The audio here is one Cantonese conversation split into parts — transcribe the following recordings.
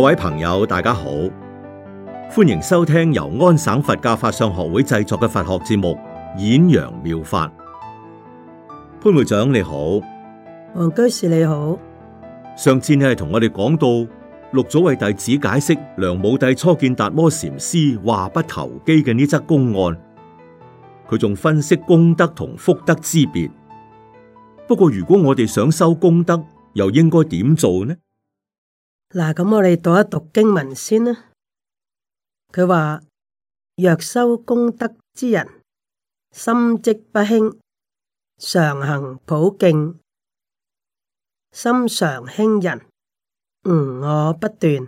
各位朋友，大家好，歡迎收聽由安省佛教法相學會製作嘅佛學節目《演揚妙法》。潘會長你好，黃居士你好。上次你係同我哋講到六祖為弟子解釋梁武帝初見達摩禪師話不投機嘅呢則公案，佢仲分析功德同福德之別。不過如果我哋想修功德，又應該點做呢？嗱，咁我哋讀一讀經文先啦。佢話：若修功德之人，心即不輕，常行普敬，心常輕人，吾我不斷，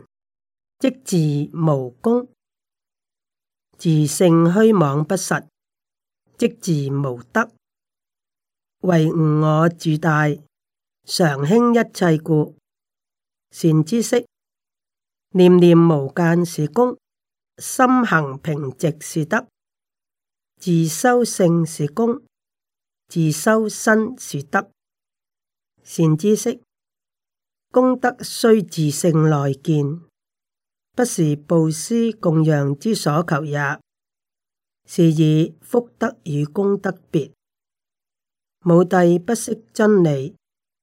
即自無功；自性虛妄不實，即自無德。為吾我自大，常輕一切故。善知識，念念無間是功，心行平直是德，自修性是功，自修身是德。善知識，功德須自性來見，不是布施供養之所求也，是以福德與功德別。武帝不識真理，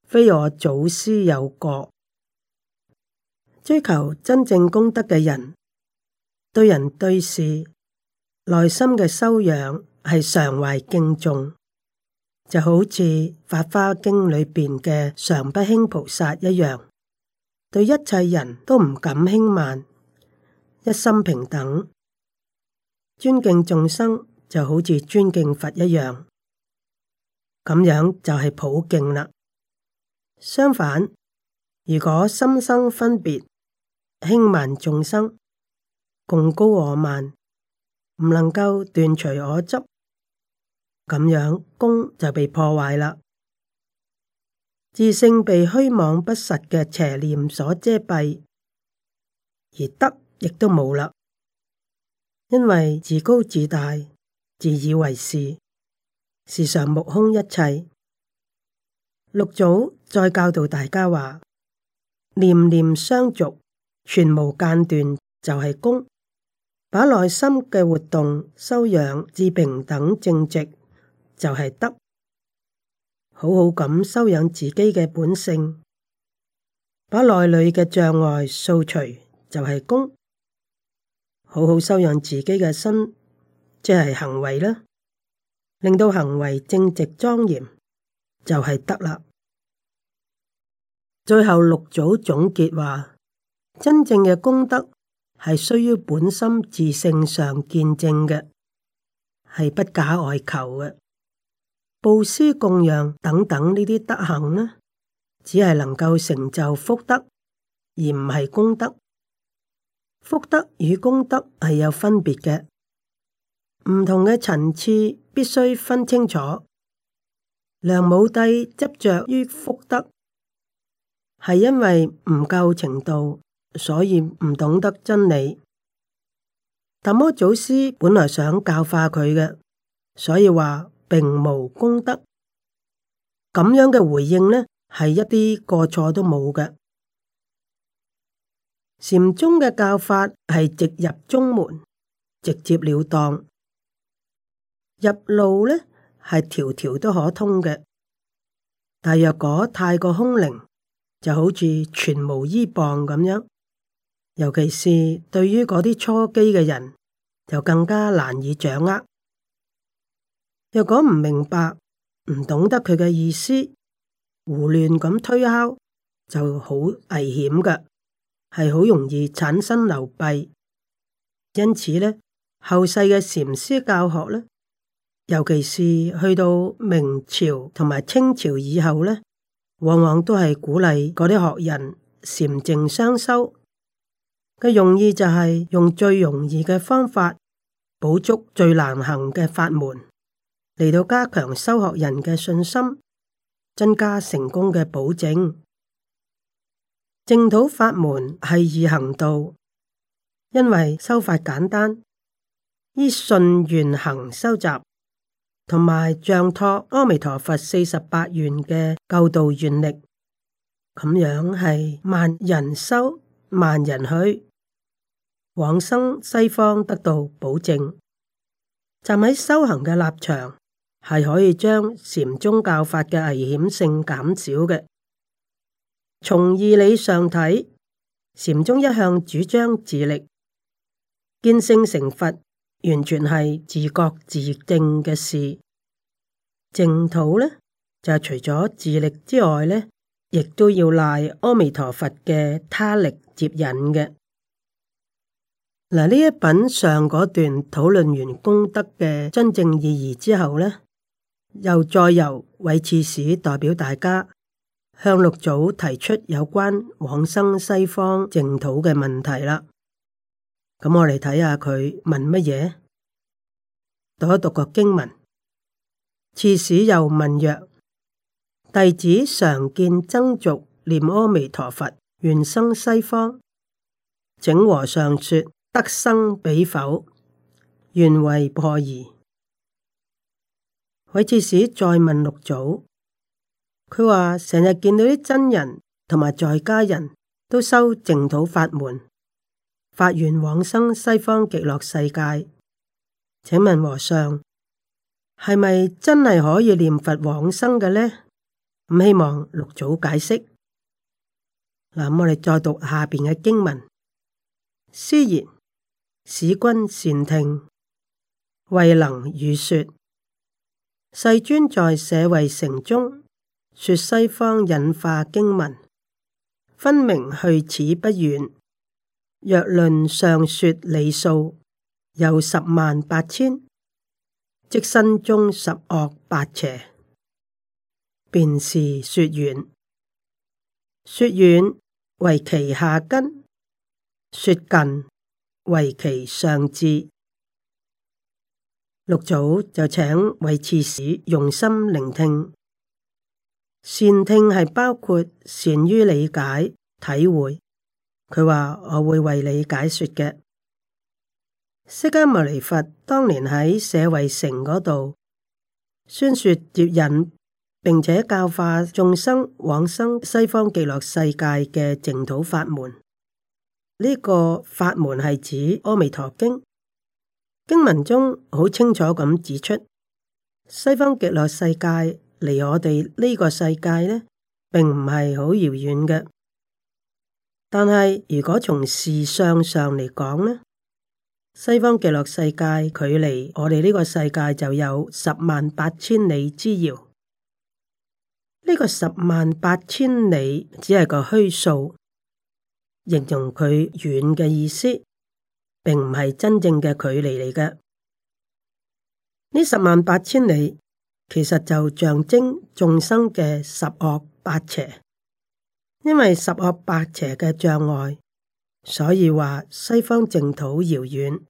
非我祖師有過，追求真正功德嘅人，對人對事，內心嘅修養係常懷敬重，就好似《法花經》裏邊嘅常不輕菩薩一樣，對一切人都唔敢輕慢，一心平等，尊敬眾生就好似尊敬佛一樣，咁樣就係普敬啦。相反，如果心生分別，.輕慢眾生，共高我慢，唔能夠斷除我執，咁樣功就被破壞啦。自性被虛妄不實嘅邪念所遮蔽，而德亦都冇啦。因為自高自大、自以為是，時常目空一切。六祖再教導大家話：念念相續。全無間斷就係功，把內心嘅活動修養至平等正直就係德。好好咁修養自己嘅本性，把內裏嘅障礙掃除就係功，好好修養自己嘅身，即係行為啦，令到行為正直莊嚴就係德啦。最後六組總結話。真正嘅功德係需要本心自性上見證嘅，係不假外求嘅。布施、供養等等呢啲德行呢，只係能夠成就福德，而唔係功德。福德與功德係有分別嘅，唔同嘅層次必須分清楚。梁武帝執着於福德，係因為唔夠程度。所以唔懂得真理，達摩祖師本來想教化佢嘅，所以話並無功德。咁樣嘅回應呢，係一啲過錯都冇嘅。禪宗嘅教法係直入中門，直接了當，入路呢係條條都可通嘅。但若果太過空靈，就好似全無依傍咁樣。尤其是對於嗰啲初機嘅人，就更加難以掌握。若果唔明白、唔懂得佢嘅意思，胡亂咁推敲就好危險㗎，係好容易產生流弊。因此呢，後世嘅禪師教學呢，尤其是去到明朝同埋清朝以後呢，往往都係鼓勵嗰啲學人禪淨雙修。嘅用意就係用最容易嘅方法，補足最難行嘅法門，嚟到加強修學人嘅信心，增加成功嘅保證。淨土法門係易行道，因為修法簡單，依信願行修習，同埋仗託阿彌陀佛四十八願嘅救度願力，咁樣係萬人修，萬人去。往生西方得到保證，站喺修行嘅立場係可以將禪宗教法嘅危險性減少嘅。從義理上睇，禪宗一向主張自力，見性成佛完全係自覺自證嘅事。淨土呢，就除咗自力之外呢，亦都要賴阿彌陀佛嘅他力接引嘅。嗱，呢一品上嗰段討論完功德嘅真正意義之後咧，又再由韋刺史代表大家向六祖提出有關往生西方淨土嘅問題啦。咁我哋睇下佢問乜嘢，讀一讀個經文。刺史又問曰：弟子常見僧俗念阿彌陀佛，願生西方，請和尚說。得生彼否？願為破疑。韋刺史再問六祖，佢話成日見到啲真人同埋在家人都修淨土法門，發願往生西方極樂世界。請問和尚，係咪真係可以念佛往生嘅呢？咁希望六祖解釋。嗱，我哋再讀下邊嘅經文，師言。使君善聽，惠能與說。世尊在舍衛城中說西方引化經文，分明去此不遠。若論上說理數，有十萬八千，即身中十惡八邪，便是說遠。說遠為其下根，說近，為其上智，六祖就請韋刺史用心聆聽，善聽係包括善於理解體會。佢話我會為你解說嘅。釋迦牟尼佛當年喺舍衛城嗰度宣說接引，並且教化眾生往生西方極樂世界嘅淨土法門。呢個法門係指《阿彌陀經》經文中好清楚咁指出，西方極樂世界離我哋呢個世界呢並唔係好遙遠嘅。但係如果從事相上嚟講呢，西方極樂世界距離我哋呢個世界就有十萬八千里之遙。呢個十萬八千里只係個虛數。形容佢遠嘅意思，並唔係真正嘅距離嚟嘅。呢十萬八千里其實就象徵眾生嘅十惡八邪，因為十惡八邪嘅障礙，所以話西方淨土遙遠。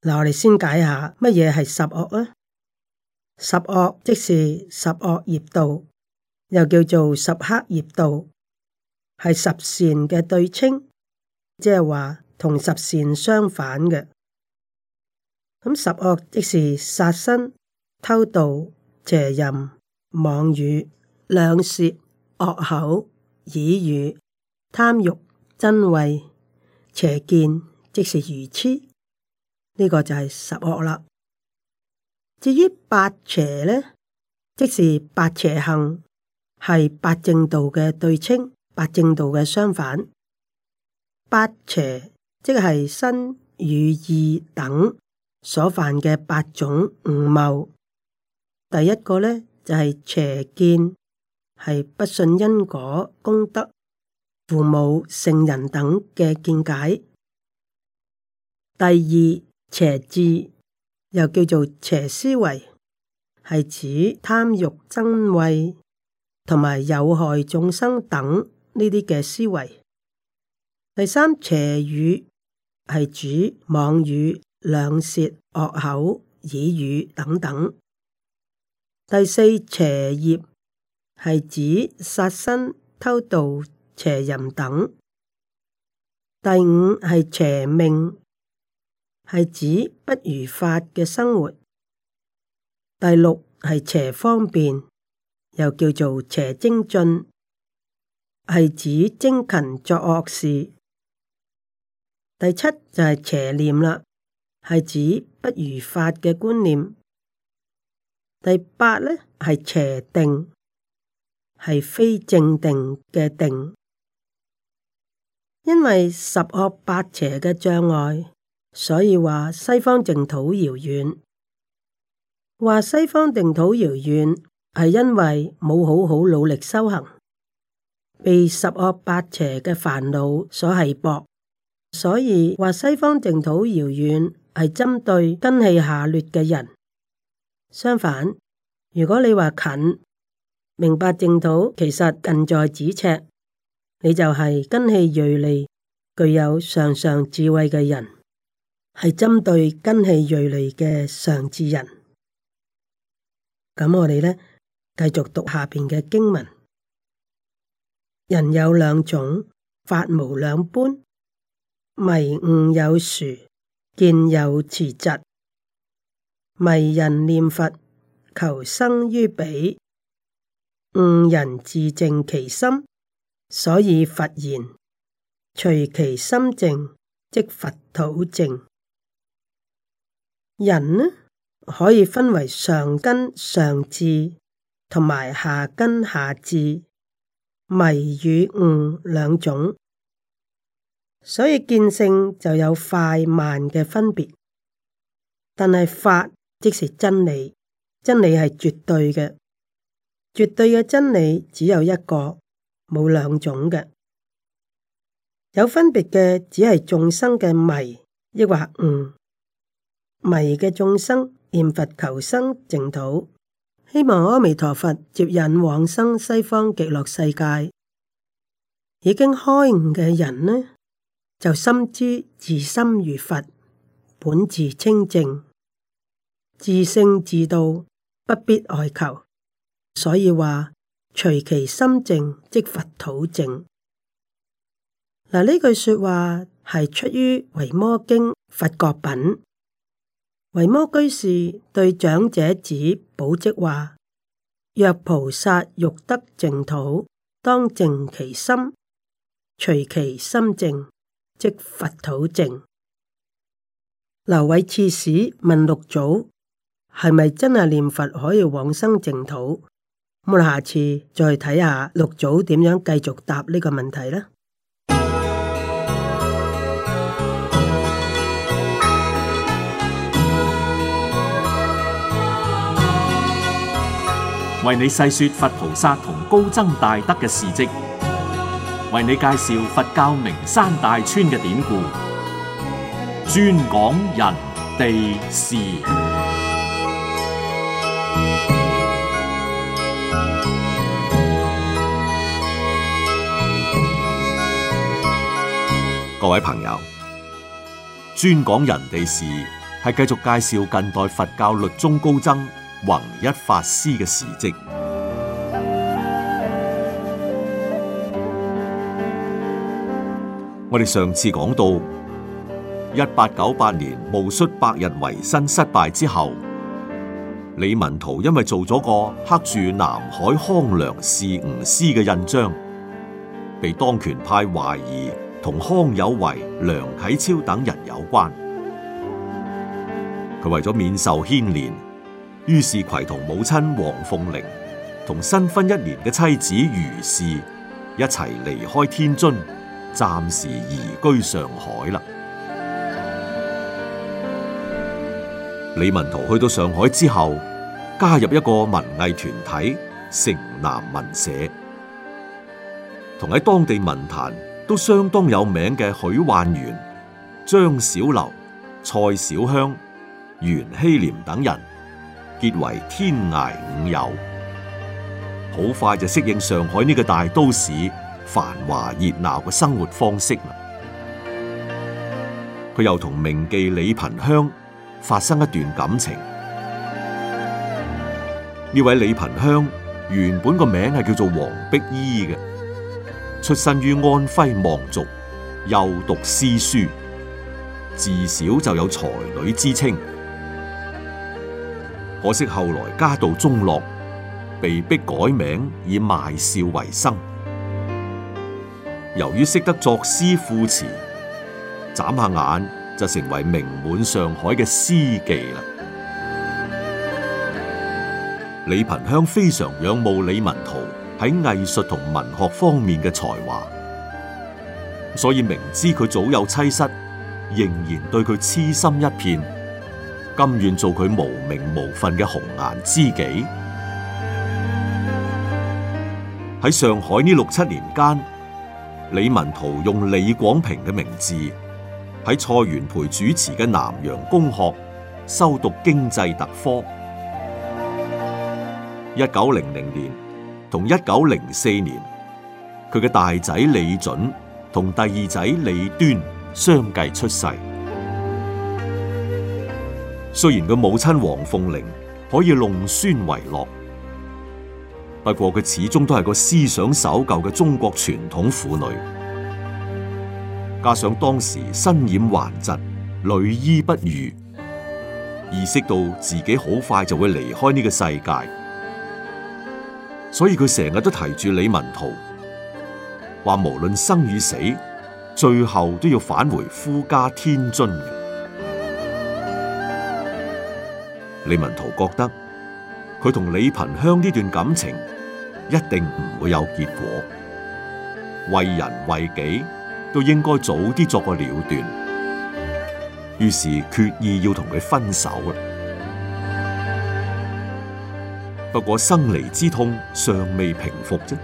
嗱，我哋先解下乜嘢係十惡啊？十惡即是十惡業道，又叫做十黑業道。係十善嘅對稱，即係話同十善相反嘅。咁十惡即是殺生、偷盜、邪淫、妄語、兩舌、惡口、綺語、貪欲、瞋恚、邪見，即是愚癡。呢、這個就係十惡啦。至於八邪呢，即是八邪行，係八正道嘅對稱。八正道嘅相反，八邪即係身與意等所犯嘅八種誤謀。第一個呢，就係邪見，係不信因果、功德、父母、聖人等嘅見解。第二邪志，又叫做邪思維，係指貪欲、瞋恚同埋有害眾生等。呢啲嘅思維，第三邪語，係指妄語、兩舌、惡口、綺語等等。第四邪業，係指殺生、偷盜、邪淫等。第五係邪命，係指不如法嘅生活。第六係邪方便，又叫做邪精進。係指精勤作惡事，第七就係邪念啦，係指不如法嘅觀念。第八呢係邪定，係非正定嘅定。因為十惡八邪嘅障礙，所以話西方淨土遙遠。話西方淨土遙遠，係因為冇好好努力修行。被十惡八邪嘅煩惱所繫縛，所以話西方淨土遙遠，係針對根氣下劣嘅人。相反，如果你話近，明白淨土其實近在咫尺，你就係根氣銳利、具有上上智慧嘅人，係針對根氣銳利嘅上智人。咁我哋呢，繼續讀下邊嘅經文。人有兩種，法無兩般，迷悟有殊，見有遲疾。迷人念佛求生於彼，悟人自淨其心。所以佛言：隨其心淨，即佛土淨。人呢，可以分為上根上智同埋下根下智。迷與悟兩種，所以見性就有快慢嘅分別。但係法即是真理，真理係絕對嘅，絕對嘅真理只有一個，冇兩種嘅。有分別嘅只係眾生嘅迷，抑或悟，迷嘅眾生，念佛求生淨土。希望阿彌陀佛接引往生西方極樂世界，已經開悟嘅人呢，就深知自心如佛，本自清淨，自性自度，不必外求。所以話，隨其心淨，即佛土淨。嗱，呢句說話係出於《維摩經》佛國品。維摩居士對長者子寶積話：若菩薩欲得淨土，當淨其心，隨其心淨，即佛土淨。劉偉刺史問六祖：係咪真係念佛可以往生淨土？我啊，下次再睇下六祖點樣繼續答呢個問題啦。為你細說佛菩薩同高僧大德嘅事跡，為你介紹佛教名山大川嘅典故，專講人地事。各位朋友，專講人地事係繼續介紹近代佛教律宗高僧。弘一法師嘅事蹟，我哋上次講到，一八九八年戊戌百日維新失敗之後，李文濤因為做咗個刻住南海康梁是吾師嘅印章，被當權派懷疑同康有為、梁啟超等人有關，佢為咗免受牽連。於是葵，攜同母親黃鳳玲同新婚一年嘅妻子余氏一齊離開天津，暫時移居上海啦。李文濤去到上海之後，加入一個文藝團體——城南文社，同喺當地文壇都相當有名嘅許幻園、張小樓、蔡小香、袁希濂等人。結為天涯五友，好快就適應上海呢個大都市繁華熱鬧嘅生活方式。佢又同名妓李蘋香發生一段感情。呢位李蘋香原本個名係叫做黃碧依嘅，出身於安徽望族，又讀詩書，自小就有才女之稱。可惜後來家道中落，被逼改名以賣笑為生。由於識得作詩賦詞，眨下眼就成為名滿上海嘅詩妓啦。李萍香非常仰慕李文濤喺藝術同文學方面嘅才華，所以明知佢早有妻室，仍然對佢痴心一片。甘願做佢無名無份嘅紅顏知己。喺上海呢六七年間，李文濤用李廣平嘅名字喺蔡元培主持嘅南洋公學修讀經濟特科。一九零零年同一九零四年，佢嘅大仔李准同第二仔李端相繼出世。雖然佢母親黃鳳玲可以弄孫為樂，不過佢始終都係個思想守舊嘅中國傳統婦女，加上當時身染頑疾，屢醫不癒，意識到自己好快就會離開呢個世界，所以佢成日都提住李文濤，話無論生與死，最後都要返回夫家天津。李文圖覺得佢同李品香呢段感情一定唔會有結果，為人為己都應該早啲作個了斷，於是決意要同佢分手。不過生離之痛尚未平復啫，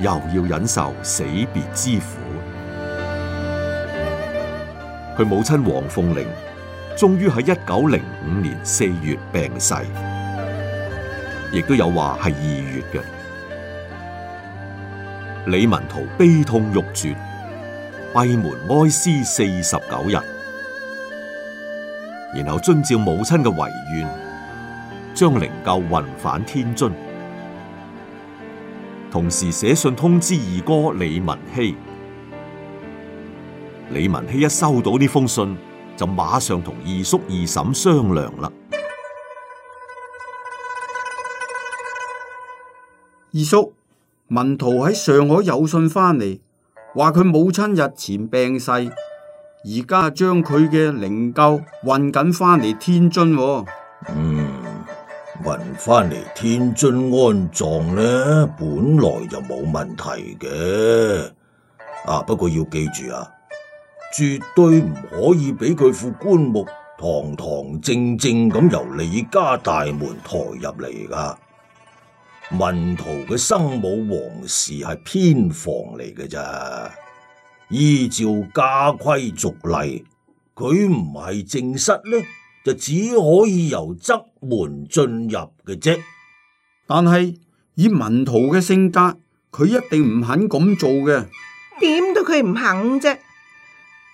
又要忍受死別之苦。佢母親黃鳳玲。終於喺一九零五年四月病逝，亦都有話係二月嘅。李文濤悲痛欲絕，閉門哀思四十九日，然後遵照母親嘅遺願，將靈柩運返天津，同時寫信通知二哥李文熙。李文熙一收到呢封信。就馬上同二叔二嬸商量啦。二叔，文濤喺上海有信翻嚟，話佢母親日前病逝，而家將佢嘅靈柩運緊翻嚟天津喎。嗯，運翻嚟天津安葬咧，本來就冇問題嘅。啊，不過要記住啊。絕對唔可以俾佢副棺木堂堂正正咁由李家大門抬入嚟噶。文圖嘅生母王氏係偏房嚟嘅咋，依照家規族例，佢唔係正室咧，就只可以由側門進入嘅啫。但係以文圖嘅性格，佢一定唔肯咁做嘅。點到佢唔肯啫？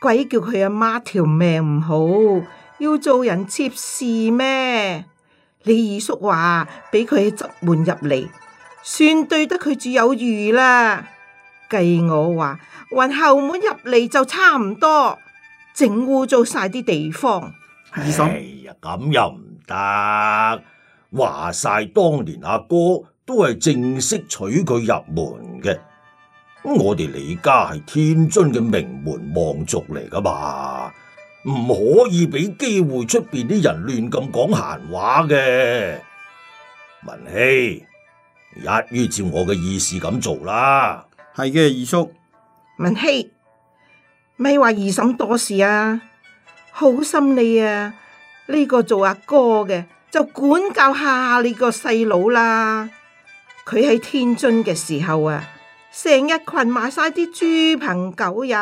鬼叫佢阿媽條命唔好，要做人妾侍咩？你二叔話俾佢側門入嚟，算對得佢住有餘啦。計我話運後門入嚟就差唔多，整污糟晒啲地方。二嬸，哎呀，咁又唔得，話晒當年阿哥都係正式娶佢入門嘅。我哋李家係天津嘅名門望族嚟噶嘛，唔可以俾機會出邊啲人亂咁講閒話嘅。文熙，一於照我嘅意思咁做啦。係嘅，二叔。文熙，咪話二嬸多事啊，好心你啊，呢個做阿哥嘅就管教下你個細佬啦。佢喺天津嘅時候啊。成日群埋晒啲豬朋狗友，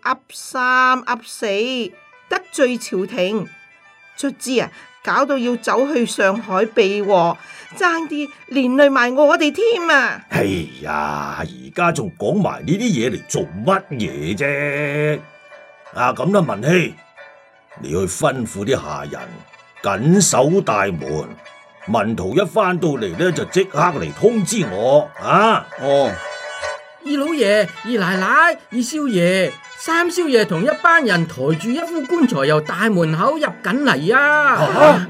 噏三噏四，得罪朝廷，卒之啊，搞到要走去上海避禍，爭啲連累埋我哋添啊！哎呀，而家仲講埋呢啲嘢嚟做乜嘢啫？啊，咁啦，文熙，你去吩咐啲下人緊守大門，文圖一返到嚟咧就即刻嚟通知我啊！哦。二老爺、二奶奶、二少爺、三少爺同一班人抬住一副棺材由大門口入緊嚟啊！啊，啊，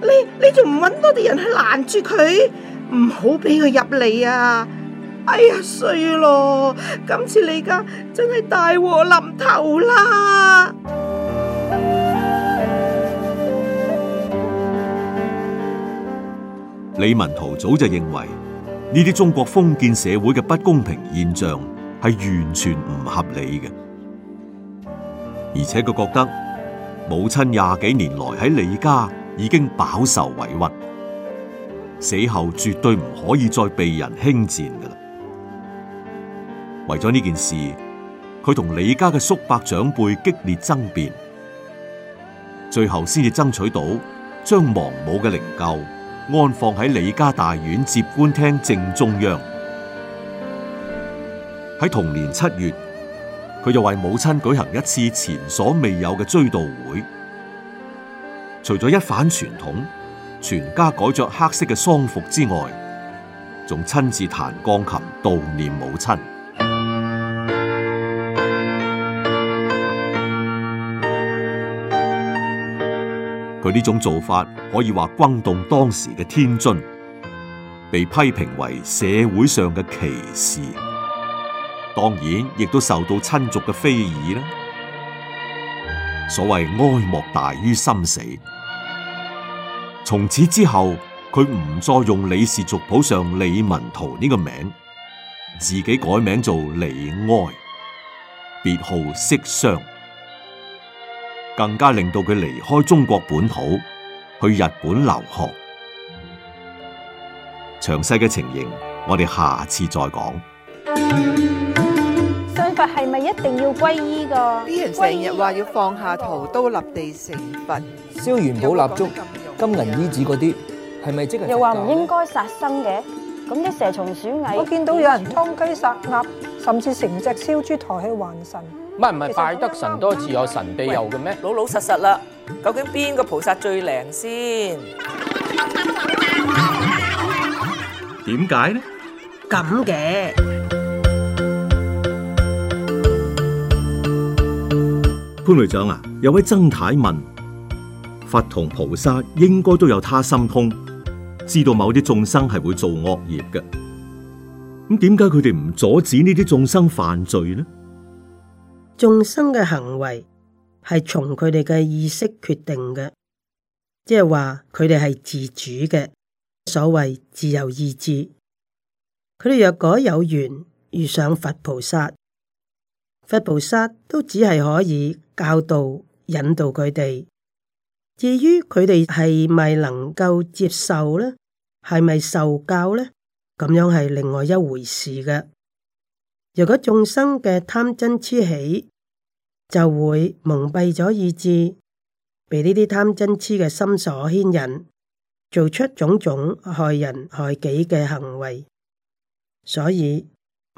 你你仲唔搵多啲人去攔住佢，唔好俾佢入嚟啊！哎呀，衰咯，今次你家真係大禍臨頭啦！李文濤早就認為。呢啲中國封建社會嘅不公平現象係完全唔合理嘅，而且佢覺得母親廿幾年來喺李家已經飽受委屈，死後絕對唔可以再被人輕賤噶啦。為咗呢件事，佢同李家嘅叔伯長輩激烈爭辯，最後先至爭取到將亡母嘅靈柩。安放喺李家大院接官廳正中央。喺同年七月，佢又為母親舉行一次前所未有嘅追悼會。除咗一反傳統，全家改着黑色嘅喪服之外，仲親自彈鋼琴悼念母親。佢呢種做法可以話轟動當時嘅天津，被批評為社會上嘅歧視，當然亦都受到親族嘅非議啦。所謂哀莫大於心死，從此之後佢唔再用李氏族譜上李文圖呢個名，自己改名做李哀，別號息霜。更加令到佢離開中國本土，去日本留學。詳細嘅情形，我哋下次再講。信佛係咪一定要皈依噶？呢人成日話要放下屠刀立地成佛，燒元寶蠟燭、金銀衣紙嗰啲，係咪、啊、即係？又話唔應該殺生嘅，咁啲蛇蟲鼠蟻，我見到有人劏雞殺鴨，甚至成隻燒豬抬去還神。唔唔係，拜得神多自有神庇佑嘅咩？老老實實啦，究竟邊個菩薩最靈先？點解呢？咁嘅潘隊長啊，有位曾太太問：佛同菩薩應該都有他心通，知道某啲眾生係會做惡業嘅，咁點解佢哋唔阻止呢啲眾生犯罪呢？眾生嘅行為係從佢哋嘅意識決定嘅，即係話佢哋係自主嘅，所謂自由意志。佢哋若果有緣遇上佛菩薩，佛菩薩都只係可以教導、引導佢哋。至於佢哋係咪能夠接受呢？係咪受教呢？咁樣係另外一回事嘅。若果眾生嘅貪嗔痴喜，就會蒙蔽咗意志，被呢啲貪嗔痴嘅心所牽引，做出種種害人害己嘅行為。所以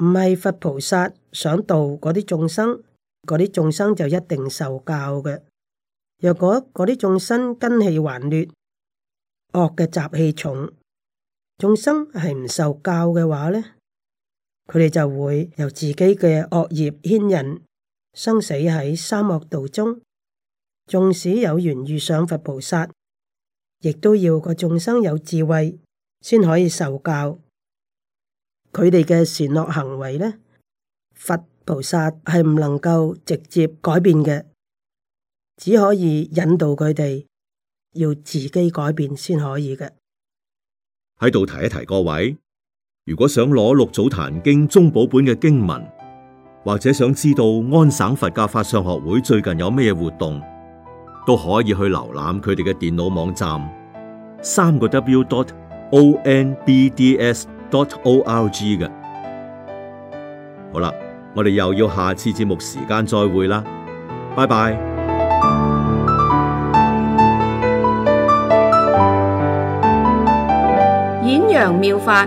唔係佛菩薩想度嗰啲眾生，嗰啲眾生就一定受教嘅。若果嗰啲眾生根器頑劣，惡嘅雜氣重，眾生係唔受教嘅話呢，佢哋就會由自己嘅惡業牽引。生死喺三惡道中，縱使有緣遇上佛菩薩，亦都要個眾生有智慧，先可以受教。佢哋嘅善惡行為咧，佛菩薩係唔能夠直接改變嘅，只可以引導佢哋要自己改變先可以嘅。喺度提一提各位，如果想攞《六祖壇經》中寶本嘅經文。或者想知道安省佛教法商學會最近有咩活動，都可以去瀏覽佢哋嘅電腦網站，三個 W dot O N B D S dot O R G 嘅。好啦，我哋又要下次節目時間再會啦，拜拜。演揚妙法。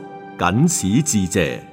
僅此致謝。